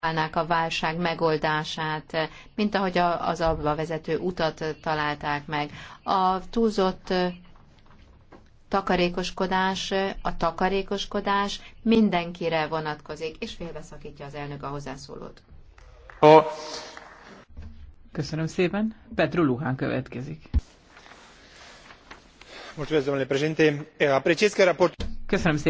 találnák a válság megoldását, mint ahogy az abba vezető utat találták meg. A túlzott takarékoskodás, a takarékoskodás mindenkire vonatkozik, és félbeszakítja az elnök a hozzászólót. A... Köszönöm szépen. Petru Luhán következik. E, Köszönöm szépen.